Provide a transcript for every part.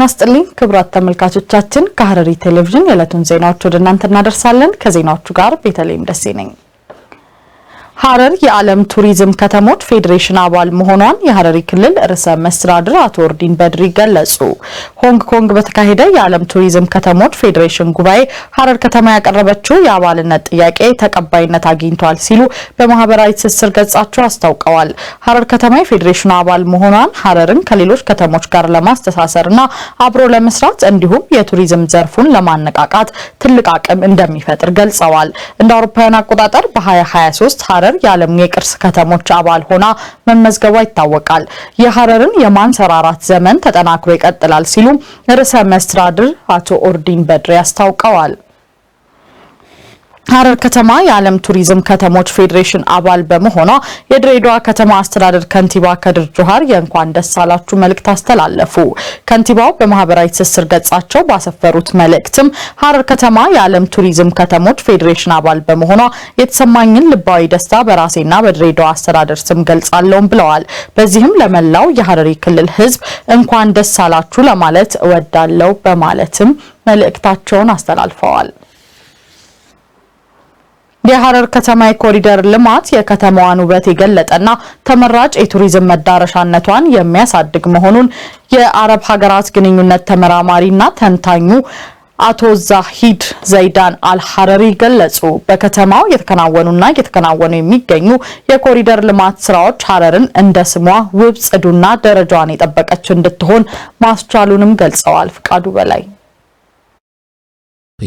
ጤና ስጥልኝ ክቡራት ተመልካቾቻችን፣ ከሐረሪ ቴሌቪዥን የዕለቱን ዜናዎች ወደ እናንተ እናደርሳለን። ከዜናዎቹ ጋር ቤተልሔም ደሴ ነኝ። ሀረር የዓለም ቱሪዝም ከተሞች ፌዴሬሽን አባል መሆኗን የሀረሪ ክልል ርዕሰ መስተዳድር አቶ ኦርዲን በድሪ ገለጹ። ሆንግ ኮንግ በተካሄደ የዓለም ቱሪዝም ከተሞች ፌዴሬሽን ጉባኤ ሀረር ከተማ ያቀረበችው የአባልነት ጥያቄ ተቀባይነት አግኝቷል ሲሉ በማህበራዊ ትስስር ገጻቸው አስታውቀዋል። ሀረር ከተማ የፌዴሬሽኑ አባል መሆኗን ሀረርን ከሌሎች ከተሞች ጋር ለማስተሳሰርና አብሮ ለመስራት እንዲሁም የቱሪዝም ዘርፉን ለማነቃቃት ትልቅ አቅም እንደሚፈጥር ገልጸዋል። እንደ አውሮፓውያን አቆጣጠር በ2023 ሀረር ሀረር የዓለም የቅርስ ከተሞች አባል ሆና መመዝገቧ ይታወቃል። የሀረርን የማንሰራራት ዘመን ተጠናክሮ ይቀጥላል ሲሉ ርዕሰ መስተዳድር አቶ ኦርዲን በድሬ አስታውቀዋል። ሐረር ከተማ የዓለም ቱሪዝም ከተሞች ፌዴሬሽን አባል በመሆኗ የድሬዳዋ ከተማ አስተዳደር ከንቲባ ከድር ጁሃር የእንኳን ደስ አላችሁ መልእክት አስተላለፉ። ከንቲባው በማህበራዊ ትስስር ገጻቸው ባሰፈሩት መልእክትም ሐረር ከተማ የዓለም ቱሪዝም ከተሞች ፌዴሬሽን አባል በመሆኗ የተሰማኝን ልባዊ ደስታ በራሴና በድሬዳዋ አስተዳደር ስም ገልጻለሁም ብለዋል። በዚህም ለመላው የሐረሪ ክልል ህዝብ እንኳን ደስ አላችሁ ለማለት እወዳለሁ በማለትም መልእክታቸውን አስተላልፈዋል። የሐረር ከተማ የኮሪደር ልማት የከተማዋን ውበት የገለጠና ተመራጭ የቱሪዝም መዳረሻነቷን የሚያሳድግ መሆኑን የአረብ ሀገራት ግንኙነት ተመራማሪና ተንታኙ አቶ ዛሂድ ዘይዳን አልሐረሪ ገለጹ። በከተማው የተከናወኑና እየተከናወኑ የሚገኙ የኮሪደር ልማት ስራዎች ሐረርን እንደ ስሟ ውብ፣ ጽዱና ደረጃዋን የጠበቀች እንድትሆን ማስቻሉንም ገልጸዋል። ፍቃዱ በላይ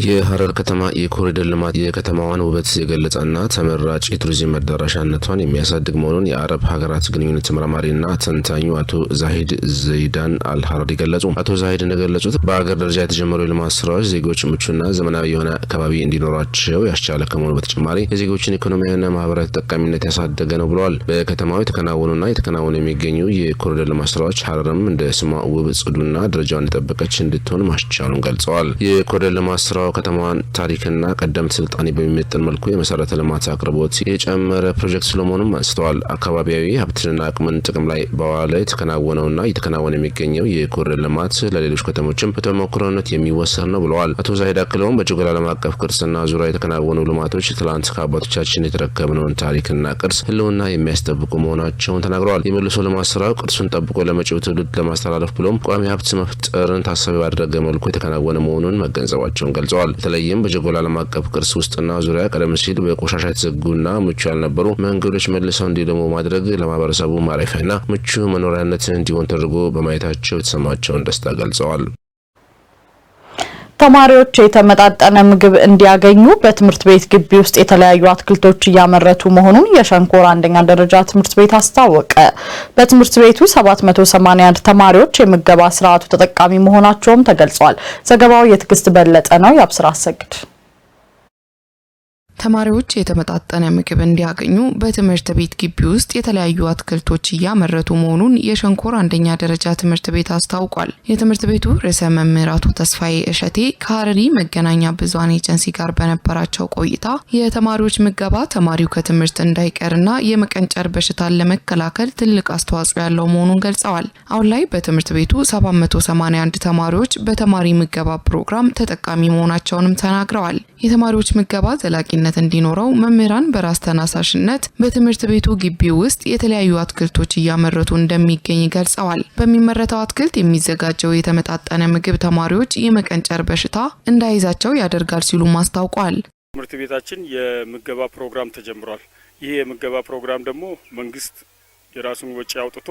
የሐረር ከተማ የኮሪደር ልማት የከተማዋን ውበት የገለጸና ተመራጭ የቱሪዝም መዳረሻነቷን የሚያሳድግ መሆኑን የአረብ ሀገራት ግንኙነት ተመራማሪና ተንታኙ አቶ ዛሂድ ዘይዳን አልሐረሪ ገለጹ። አቶ ዛሂድ እንደገለጹት በአገር ደረጃ የተጀመሩ የልማት ስራዎች ዜጎች ምቹና ዘመናዊ የሆነ አካባቢ እንዲኖራቸው ያስቻለ ከመሆኑ በተጨማሪ የዜጎችን ኢኮኖሚያዊና ማህበራዊ ተጠቃሚነት ያሳደገ ነው ብለዋል። በከተማው የተከናወኑና የተከናወኑ የሚገኙ የኮሪደር ልማት ስራዎች ሐረርም እንደ ስሟ ውብ፣ ጽዱና ደረጃውን የጠበቀች እንድትሆን ማስቻሉን ገልጸዋል። የኮሪደር ልማት ስራ ከተማዋን ታሪክና ቀደምት ስልጣኔ በሚመጥን መልኩ የመሰረተ ልማት አቅርቦት የጨመረ ፕሮጀክት ስለመሆኑም አንስተዋል። አካባቢያዊ ሀብትንና አቅምን ጥቅም ላይ በዋለ የተከናወነውና እየተከናወነ የሚገኘው የኮሪደር ልማት ለሌሎች ከተሞችም በተሞክሮነት የሚወሰድ ነው ብለዋል። አቶ ዛሂድ አክለውም በጀጎል ዓለም አቀፍ ቅርስና ዙሪያ የተከናወኑ ልማቶች ትላንት ከአባቶቻችን የተረከብነውን ታሪክና ቅርስ ህልውና የሚያስጠብቁ መሆናቸውን ተናግረዋል። የመልሶ ልማት ስራው ቅርሱን ጠብቆ ለመጪው ትውልድ ለማስተላለፍ ብሎም ቋሚ ሀብት መፍጠርን ታሳቢ ባደረገ መልኩ የተከናወነ መሆኑን መገንዘባቸውን ገልጸዋል። ገልጸዋል። በተለይም በጀጎል ዓለም አቀፍ ቅርስ ውስጥና ዙሪያ ቀደም ሲል በቆሻሻ የተዘጉና ምቹ ያልነበሩ መንገዶች መልሰው እንዲለሙ ማድረግ ለማህበረሰቡ ማረፊያና ምቹ መኖሪያነት እንዲሆን ተደርጎ በማየታቸው የተሰማቸውን ደስታ ገልጸዋል። ተማሪዎች የተመጣጠነ ምግብ እንዲያገኙ በትምህርት ቤት ግቢ ውስጥ የተለያዩ አትክልቶች እያመረቱ መሆኑን የሸንኮራ አንደኛ ደረጃ ትምህርት ቤት አስታወቀ። በትምህርት ቤቱ 781 ተማሪዎች የምገባ ስርዓቱ ተጠቃሚ መሆናቸውም ተገልጿል። ዘገባው የትዕግስት በለጠ ነው። የአብስራ አሰግድ ተማሪዎች የተመጣጠነ ምግብ እንዲያገኙ በትምህርት ቤት ግቢ ውስጥ የተለያዩ አትክልቶች እያመረቱ መሆኑን የሸንኮር አንደኛ ደረጃ ትምህርት ቤት አስታውቋል። የትምህርት ቤቱ ርዕሰ መምህር አቶ ተስፋዬ እሸቴ ከሀረሪ መገናኛ ብዙሃን ኤጀንሲ ጋር በነበራቸው ቆይታ የተማሪዎች ምገባ ተማሪው ከትምህርት እንዳይቀርና የመቀንጨር በሽታን ለመከላከል ትልቅ አስተዋጽኦ ያለው መሆኑን ገልጸዋል። አሁን ላይ በትምህርት ቤቱ 781 ተማሪዎች በተማሪ ምገባ ፕሮግራም ተጠቃሚ መሆናቸውንም ተናግረዋል። የተማሪዎች ምገባ ዘላቂ ተቀባይነት እንዲኖረው መምህራን በራስ ተናሳሽነት በትምህርት ቤቱ ግቢ ውስጥ የተለያዩ አትክልቶች እያመረቱ እንደሚገኝ ገልጸዋል። በሚመረተው አትክልት የሚዘጋጀው የተመጣጠነ ምግብ ተማሪዎች የመቀንጨር በሽታ እንዳይዛቸው ያደርጋል ሲሉም አስታውቋል። ትምህርት ቤታችን የምገባ ፕሮግራም ተጀምሯል። ይህ የምገባ ፕሮግራም ደግሞ መንግስት የራሱን ወጪ አውጥቶ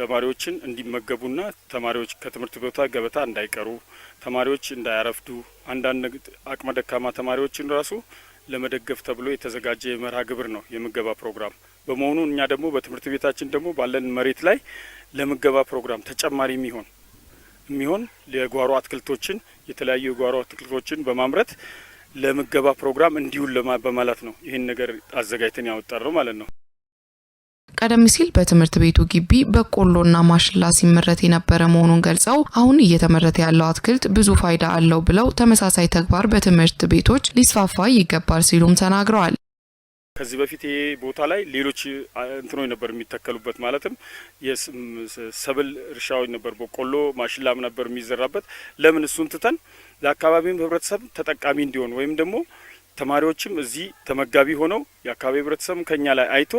ተማሪዎችን እንዲመገቡና ተማሪዎች ከትምህርት ቦታ ገበታ እንዳይቀሩ፣ ተማሪዎች እንዳያረፍዱ አንዳንድ አቅመ ደካማ ተማሪዎችን ራሱ ለመደገፍ ተብሎ የተዘጋጀ የመርሃ ግብር ነው የምገባ ፕሮግራም በመሆኑ እኛ ደግሞ በትምህርት ቤታችን ደግሞ ባለን መሬት ላይ ለምገባ ፕሮግራም ተጨማሪ የሚሆን የሚሆን የጓሮ አትክልቶችን የተለያዩ የጓሮ አትክልቶችን በማምረት ለምገባ ፕሮግራም እንዲሁን በማለት ነው ይህን ነገር አዘጋጅተን ያወጣር ነው ማለት ነው። ቀደም ሲል በትምህርት ቤቱ ግቢ በቆሎና ማሽላ ሲመረት የነበረ መሆኑን ገልጸው አሁን እየተመረተ ያለው አትክልት ብዙ ፋይዳ አለው ብለው ተመሳሳይ ተግባር በትምህርት ቤቶች ሊስፋፋ ይገባል ሲሉም ተናግረዋል። ከዚህ በፊት ይሄ ቦታ ላይ ሌሎች እንትኖች ነበር የሚተከሉበት ማለትም የሰብል እርሻዎች ነበር፣ በቆሎ ማሽላም ነበር የሚዘራበት። ለምን እሱን ትተን ለአካባቢም ህብረተሰብ ተጠቃሚ እንዲሆን ወይም ደግሞ ተማሪዎችም እዚህ ተመጋቢ ሆነው የአካባቢ ህብረተሰብም ከኛ ላይ አይቶ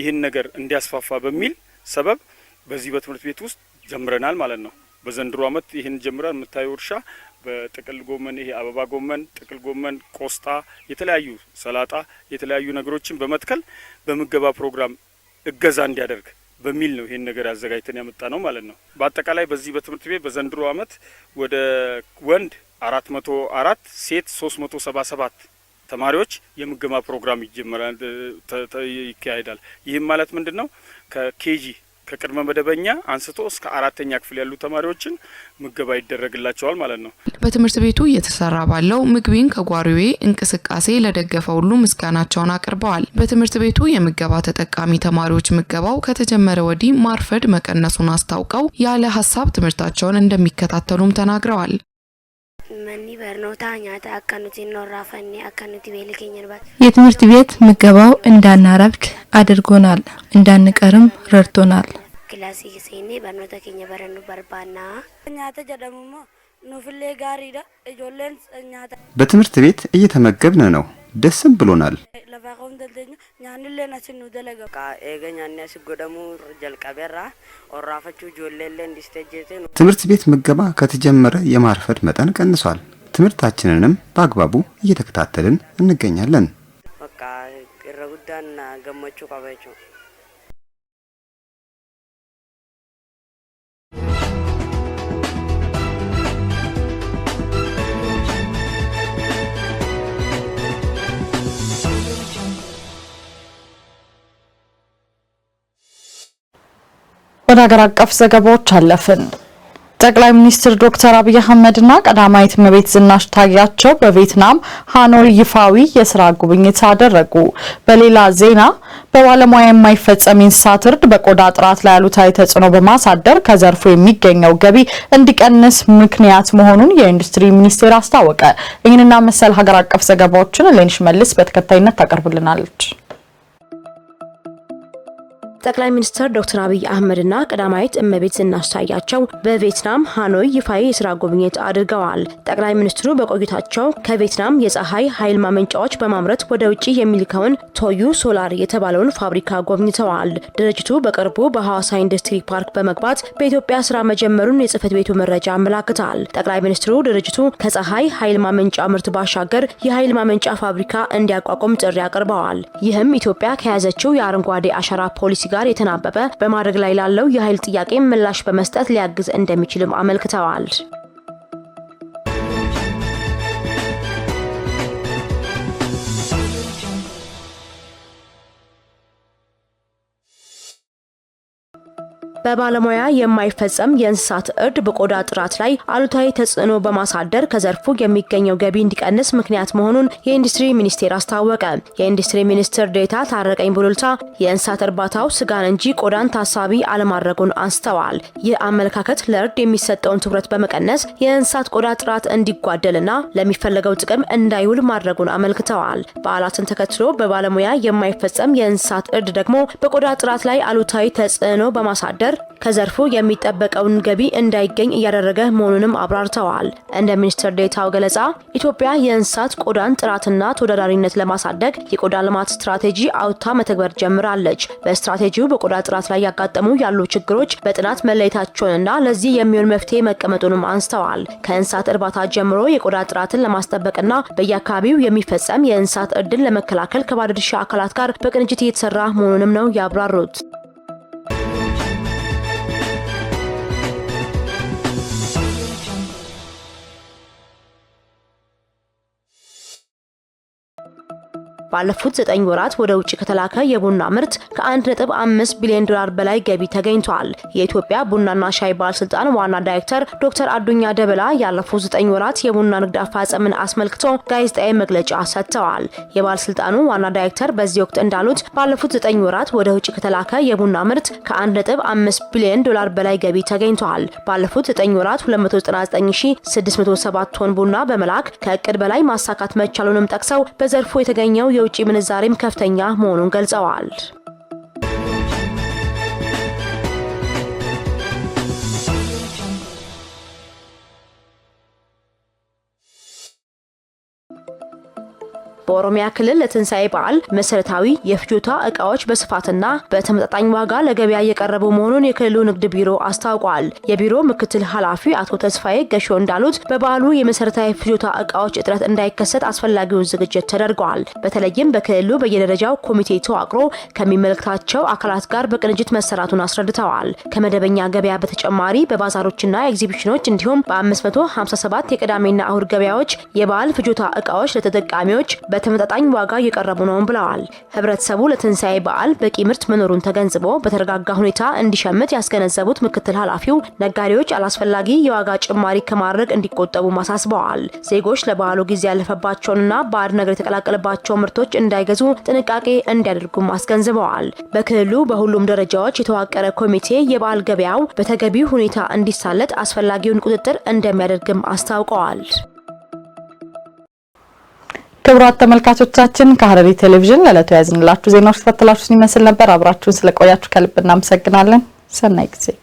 ይህን ነገር እንዲያስፋፋ በሚል ሰበብ በዚህ በትምህርት ቤት ውስጥ ጀምረናል ማለት ነው። በዘንድሮ ዓመት ይህን ጀምረን የምታየው እርሻ በጥቅል ጎመን ይሄ አበባ ጎመን፣ ጥቅል ጎመን፣ ቆስጣ፣ የተለያዩ ሰላጣ፣ የተለያዩ ነገሮችን በመትከል በምገባ ፕሮግራም እገዛ እንዲያደርግ በሚል ነው ይህን ነገር አዘጋጅተን ያመጣ ነው ማለት ነው። በአጠቃላይ በዚህ በትምህርት ቤት በዘንድሮ ዓመት ወደ ወንድ አራት መቶ አራት ሴት ሶስት መቶ ሰባ ሰባት ተማሪዎች የምገባ ፕሮግራም ይጀመራል ይካሄዳል። ይህም ማለት ምንድን ነው? ከኬጂ ከቅድመ መደበኛ አንስቶ እስከ አራተኛ ክፍል ያሉ ተማሪዎችን ምገባ ይደረግላቸዋል ማለት ነው። በትምህርት ቤቱ እየተሰራ ባለው ምግቢን ከጓሮዬ እንቅስቃሴ ለደገፈ ሁሉ ምስጋናቸውን አቅርበዋል። በትምህርት ቤቱ የምገባ ተጠቃሚ ተማሪዎች ምገባው ከተጀመረ ወዲህ ማርፈድ መቀነሱን አስታውቀው ያለ ሀሳብ ትምህርታቸውን እንደሚከታተሉም ተናግረዋል። manni barnootaa nyaata akka nuti አካኑት fanne akka nuti የትምህርት ቤት ምገባው እንዳናረብድ አድርጎናል፣ እንዳንቀርም ረድቶናል። ክላስ ሴኔ በርኖተ ኬኛ በረኑ በርባና ኛተ ጀደሙሞ ኑፍሌ ጋሪዳ እጆለን ኛተ በትምህርት ቤት እየተመገብን ነው። ደስም ብሎናል። ለፋቆም ደልተኛ nyaannilleen asin nu dalaga eega nyaanni asi godhamu jalqabeerra orraafachuu ijoolleellee እንዲስተጀቴ ትምህርት ቤት ምገባ ከተጀመረ የማርፈድ መጠን ቀንሷል። ትምህርታችንንም በአግባቡ እየተከታተልን እንገኛለን። በቃ ቅረ ጉዳና ገመቹ ቀበችው ወደ ሀገር አቀፍ ዘገባዎች አለፍን። ጠቅላይ ሚኒስትር ዶክተር አብይ አህመድ አህመድና ቀዳማዊት እመቤት ዝናሽ ታያቸው በቪየትናም ሃኖይ ይፋዊ የስራ ጉብኝት አደረጉ። በሌላ ዜና በባለሙያ የማይፈጸም የእንስሳት እርድ በቆዳ ጥራት ላይ አሉታዊ ተጽዕኖ በማሳደር ከዘርፉ የሚገኘው ገቢ እንዲቀንስ ምክንያት መሆኑን የኢንዱስትሪ ሚኒስቴር አስታወቀ። ይህንና መሰል ሀገር አቀፍ ዘገባዎችን ሌንሽ መልስ በተከታይነት ታቀርብልናለች። ጠቅላይ ሚኒስትር ዶክተር አብይ አህመድና ቀዳማዊት እመቤት ዝናሽ ታያቸው በቪየትናም ሃኖይ ይፋዊ የስራ ጉብኝት አድርገዋል። ጠቅላይ ሚኒስትሩ በቆይታቸው ከቪየትናም የፀሐይ ኃይል ማመንጫዎች በማምረት ወደ ውጭ የሚልከውን ቶዩ ሶላር የተባለውን ፋብሪካ ጎብኝተዋል። ድርጅቱ በቅርቡ በሐዋሳ ኢንዱስትሪ ፓርክ በመግባት በኢትዮጵያ ስራ መጀመሩን የጽህፈት ቤቱ መረጃ አመላክታል። ጠቅላይ ሚኒስትሩ ድርጅቱ ከፀሐይ ኃይል ማመንጫ ምርት ባሻገር የኃይል ማመንጫ ፋብሪካ እንዲያቋቁም ጥሪ አቅርበዋል። ይህም ኢትዮጵያ ከያዘችው የአረንጓዴ አሻራ ፖሊሲ ጋር የተናበበ በማድረግ ላይ ላለው የኃይል ጥያቄ ምላሽ በመስጠት ሊያግዝ እንደሚችልም አመልክተዋል። በባለሙያ የማይፈጸም የእንስሳት እርድ በቆዳ ጥራት ላይ አሉታዊ ተጽዕኖ በማሳደር ከዘርፉ የሚገኘው ገቢ እንዲቀንስ ምክንያት መሆኑን የኢንዱስትሪ ሚኒስቴር አስታወቀ። የኢንዱስትሪ ሚኒስትር ዴታ ታረቀኝ ቡሉልታ የእንስሳት እርባታው ስጋን እንጂ ቆዳን ታሳቢ አለማድረጉን አንስተዋል። ይህ አመለካከት ለእርድ የሚሰጠውን ትኩረት በመቀነስ የእንስሳት ቆዳ ጥራት እንዲጓደልና ለሚፈለገው ጥቅም እንዳይውል ማድረጉን አመልክተዋል። በዓላትን ተከትሎ በባለሙያ የማይፈጸም የእንስሳት እርድ ደግሞ በቆዳ ጥራት ላይ አሉታዊ ተጽዕኖ በማሳደር ከዘርፉ የሚጠበቀውን ገቢ እንዳይገኝ እያደረገ መሆኑንም አብራርተዋል። እንደ ሚኒስትር ዴታው ገለጻ ኢትዮጵያ የእንስሳት ቆዳን ጥራትና ተወዳዳሪነት ለማሳደግ የቆዳ ልማት ስትራቴጂ አውታ መተግበር ጀምራለች። በስትራቴጂው በቆዳ ጥራት ላይ ያጋጠሙ ያሉ ችግሮች በጥናት መለየታቸውንና ለዚህ የሚሆን መፍትሄ መቀመጡንም አንስተዋል። ከእንስሳት እርባታ ጀምሮ የቆዳ ጥራትን ለማስጠበቅና በየአካባቢው የሚፈጸም የእንስሳት እርድን ለመከላከል ከባለድርሻ አካላት ጋር በቅንጅት እየተሰራ መሆኑንም ነው ያብራሩት። ባለፉት ዘጠኝ ወራት ወደ ውጭ ከተላከ የቡና ምርት ከ1.5 ቢሊዮን ዶላር በላይ ገቢ ተገኝቷል። የኢትዮጵያ ቡናና ሻይ ባለስልጣን ዋና ዳይሬክተር ዶክተር አዱኛ ደበላ ያለፉት ዘጠኝ ወራት የቡና ንግድ አፈጻጸምን አስመልክቶ ጋዜጣዊ መግለጫ ሰጥተዋል። የባለስልጣኑ ዋና ዳይሬክተር በዚህ ወቅት እንዳሉት ባለፉት ዘጠኝ ወራት ወደ ውጭ ከተላከ የቡና ምርት ከ1.5 ቢሊዮን ዶላር በላይ ገቢ ተገኝቷል። ባለፉት ዘጠኝ ወራት 299607 ቶን ቡና በመላክ ከእቅድ በላይ ማሳካት መቻሉንም ጠቅሰው በዘርፉ የተገኘው የውጭ ምንዛሬም ከፍተኛ መሆኑን ገልጸዋል። በኦሮሚያ ክልል ለትንሣኤ በዓል መሰረታዊ የፍጆታ እቃዎች በስፋትና በተመጣጣኝ ዋጋ ለገበያ እየቀረቡ መሆኑን የክልሉ ንግድ ቢሮ አስታውቋል። የቢሮ ምክትል ኃላፊ አቶ ተስፋዬ ገሾ እንዳሉት በበዓሉ የመሰረታዊ ፍጆታ እቃዎች እጥረት እንዳይከሰት አስፈላጊውን ዝግጅት ተደርገዋል። በተለይም በክልሉ በየደረጃው ኮሚቴ ተዋቅሮ ከሚመለከታቸው አካላት ጋር በቅንጅት መሰራቱን አስረድተዋል። ከመደበኛ ገበያ በተጨማሪ በባዛሮችና ኤግዚቢሽኖች እንዲሁም በ557 የቅዳሜና እሁድ ገበያዎች የበዓል ፍጆታ እቃዎች ለተጠቃሚዎች በ በተመጣጣኝ ዋጋ እየቀረቡ ነው ብለዋል። ህብረተሰቡ ለትንሣኤ በዓል በቂ ምርት መኖሩን ተገንዝቦ በተረጋጋ ሁኔታ እንዲሸምት ያስገነዘቡት ምክትል ኃላፊው ነጋዴዎች አላስፈላጊ የዋጋ ጭማሪ ከማድረግ እንዲቆጠቡ ማሳስበዋል። ዜጎች ለበዓሉ ጊዜ ያለፈባቸውንና ባዕድ ነገር የተቀላቀለባቸው ምርቶች እንዳይገዙ ጥንቃቄ እንዲያደርጉም አስገንዝበዋል። በክልሉ በሁሉም ደረጃዎች የተዋቀረ ኮሚቴ የበዓል ገበያው በተገቢው ሁኔታ እንዲሳለጥ አስፈላጊውን ቁጥጥር እንደሚያደርግም አስታውቀዋል። ክቡራት ተመልካቾቻችን ከሐረሪ ቴሌቪዥን ለዕለቱ ያዝንላችሁ ዜናዎች ተከታተላችሁን ይመስል ነበር። አብራችሁን ስለቆያችሁ ከልብ እናመሰግናለን። ሰናይ ጊዜ